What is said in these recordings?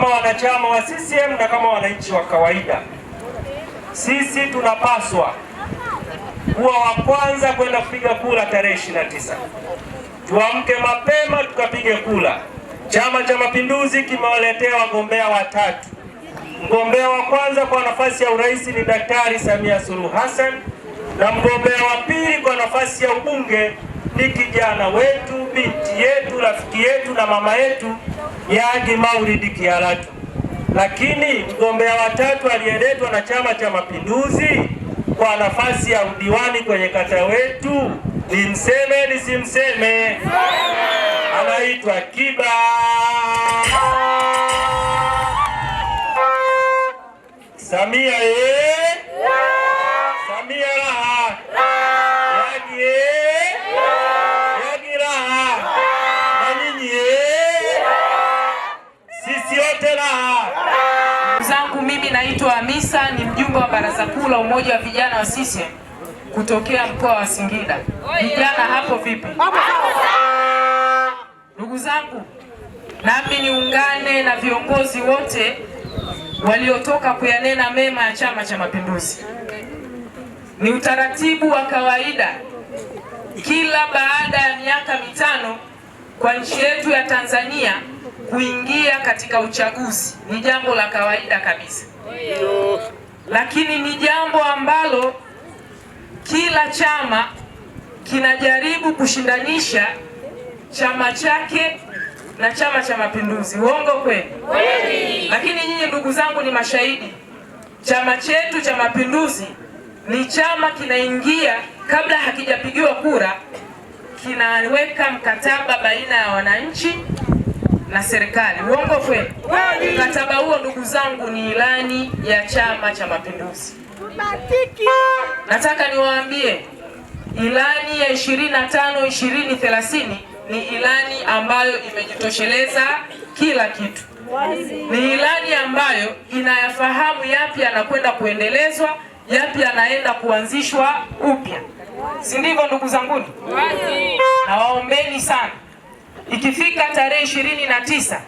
kama wanachama wa CCM na kama wananchi wa kawaida, sisi tunapaswa kuwa wa kwanza kwenda kupiga kura tarehe 29. Tuamke mapema tukapige kura. Chama cha Mapinduzi kimewaletea wagombea watatu. Mgombea wa kwanza kwa nafasi ya urais ni Daktari Samia Suluhu Hassan na mgombea wa pili kwa nafasi ya ubunge ni kijana wetu, binti yetu, rafiki yetu na mama yetu Yagi Maulidi Kiaratu, lakini mgombea watatu aliyeletwa na Chama cha Mapinduzi kwa nafasi ya udiwani kwenye kata wetu ni mseme ni anaitwa Kiba. Samia eh? ye Samia zangu mimi naitwa Hamisa, ni mjumbe wa baraza kuu la umoja wa vijana wa CCM kutokea mkoa wa Singida. Vijana hapo vipi? Ndugu zangu, nami niungane na viongozi wote waliotoka kuyanena mema ya Chama cha Mapinduzi. Ni utaratibu wa kawaida kila baada ya miaka mitano kwa nchi yetu ya Tanzania kuingia katika uchaguzi ni jambo la kawaida kabisa, lakini ni jambo ambalo kila chama kinajaribu kushindanisha chama chake na Chama cha Mapinduzi. Uongo kweli? Lakini nyinyi ndugu zangu ni mashahidi, chama chetu cha Mapinduzi ni chama kinaingia kabla hakijapigiwa kura, kinaweka mkataba baina ya wananchi na serikali. Uongo kweli? Mkataba huo ndugu zangu ni ilani ya Chama cha Mapinduzi. Nataka niwaambie ilani ya 25 2030 ni ilani ambayo imejitosheleza kila kitu. Ni ilani ambayo inayafahamu yapi yanakwenda kuendelezwa, yapi yanaenda kuanzishwa upya, si ndivyo ndugu zanguni? Nawaombeni sana Ikifika tarehe ishirini na tisa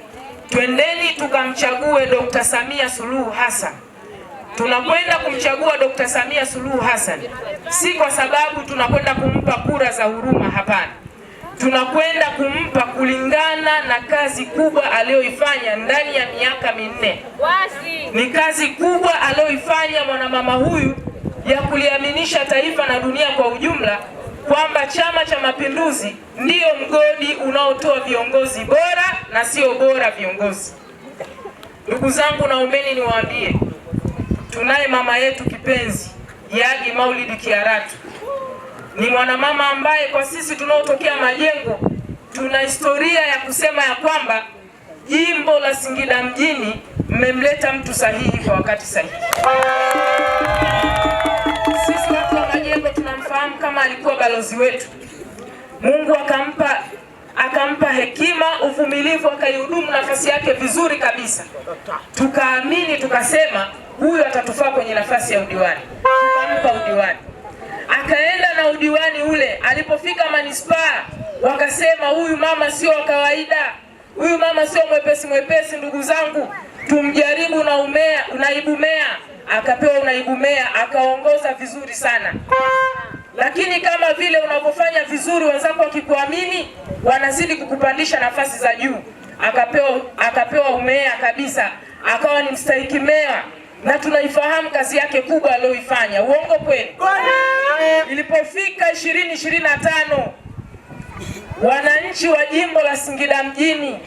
twendeni tukamchague Dr. Samia Suluhu Hassan. Tunakwenda kumchagua Dr. Samia Suluhu Hassan si kwa sababu tunakwenda kumpa kura za huruma, hapana. Tunakwenda kumpa kulingana na kazi kubwa aliyoifanya ndani ya miaka minne. Ni kazi kubwa aliyoifanya mwanamama huyu ya kuliaminisha taifa na dunia kwa ujumla kwamba Chama cha Mapinduzi ndiyo mgodi unaotoa viongozi bora na sio bora viongozi. Ndugu zangu, naombeni niwaambie, tunaye mama yetu kipenzi Yagi Maulidi Kiaratu. Ni mwanamama ambaye kwa sisi tunaotokea Majengo tuna historia ya kusema ya kwamba jimbo la Singida mjini mmemleta mtu sahihi kwa wakati sahihi. nafahamu kama alikuwa balozi wetu. Mungu akampa akampa hekima, uvumilivu, akaihudumu nafasi yake vizuri kabisa. Tukaamini tukasema huyu atatufaa kwenye nafasi ya udiwani, tukampa udiwani, akaenda na udiwani ule. Alipofika manispaa, wakasema huyu mama sio wa kawaida, huyu mama sio mwepesi mwepesi, ndugu zangu, tumjaribu na umea, unaibu mea. Akapewa unaibu mea, akaongoza vizuri sana lakini kama vile unavyofanya vizuri, wenzako wakikuamini, wanazidi kukupandisha nafasi za juu. Akapewa, akapewa umeya kabisa, akawa ni mstahiki meya, na tunaifahamu kazi yake kubwa aliyoifanya. Uongo kweli? Ilipofika ishirini ishirini na tano wananchi wa jimbo la Singida mjini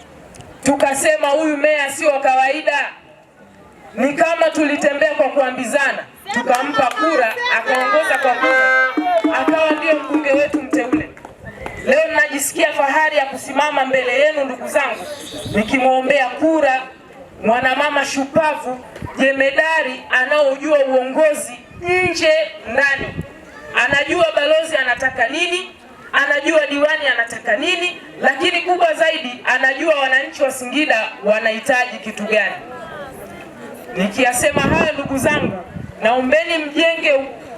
tukasema huyu meya sio wa kawaida, ni kama tulitembea kwa kuambizana, tukampa kura, akaongoza kwa kura akawa ndiye mbunge wetu mteule. Leo najisikia fahari ya kusimama mbele yenu ndugu zangu, nikimwombea kura mwanamama shupavu, jemedari anaojua uongozi nje ndani, anajua balozi anataka nini, anajua diwani anataka nini, lakini kubwa zaidi anajua wananchi wa Singida wanahitaji kitu gani. Nikiyasema haya ndugu zangu, naombeni mjenge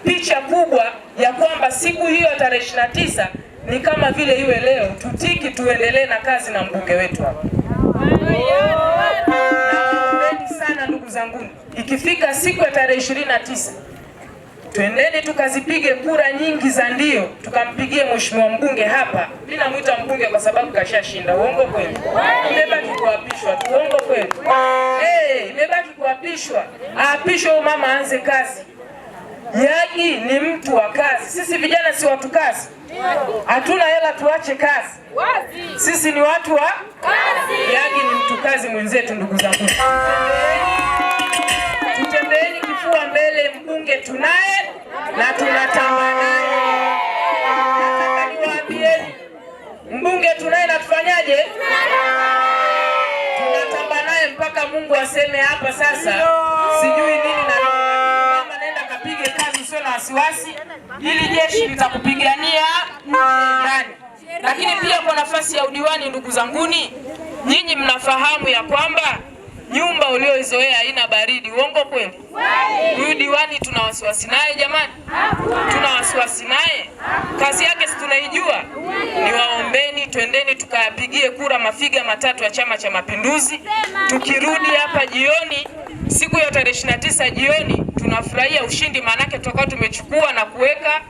picha kubwa ya kwamba siku hiyo tarehe ishirini na tisa ni kama vile iwe leo, tutiki tuendelee na kazi na mbunge wetu hapa. sana ndugu zangu ikifika siku ya tarehe ishirini na tisa twendeni tukazipige kura nyingi za ndio, tukampigie mheshimiwa mbunge hapa. Mimi namuita mbunge kwa sababu kashashinda. Uongo kweli? Imebaki kuapishwa tu. Uongo kweli? Eh, imebaki kuapishwa. Aapishwe mama, aanze kazi yagi ni mtu wa kazi. Sisi vijana si watu kazi, hatuna hela tuache kazi. Sisi ni watu wa kazi. Jaji yaani ni mtu kazi mwenzetu. Ndugu zangu, tutembeeni kifua mbele, mbunge tuna jeshi litakupigania ndani, lakini pia kwa nafasi ya udiwani. Ndugu zanguni, nyinyi mnafahamu ya kwamba nyumba ulioizoea haina baridi. Uongo kweli? Huyu diwani tuna wasiwasi naye jamani, tuna wasiwasi naye, kazi yake si tunaijua. Niwaombeni, twendeni tukayapigie kura mafiga matatu ya Chama cha Mapinduzi. Tukirudi hapa jioni, siku ya tarehe 29 jioni, tunafurahia ushindi, maanake tutakuwa tumechukua na kuweka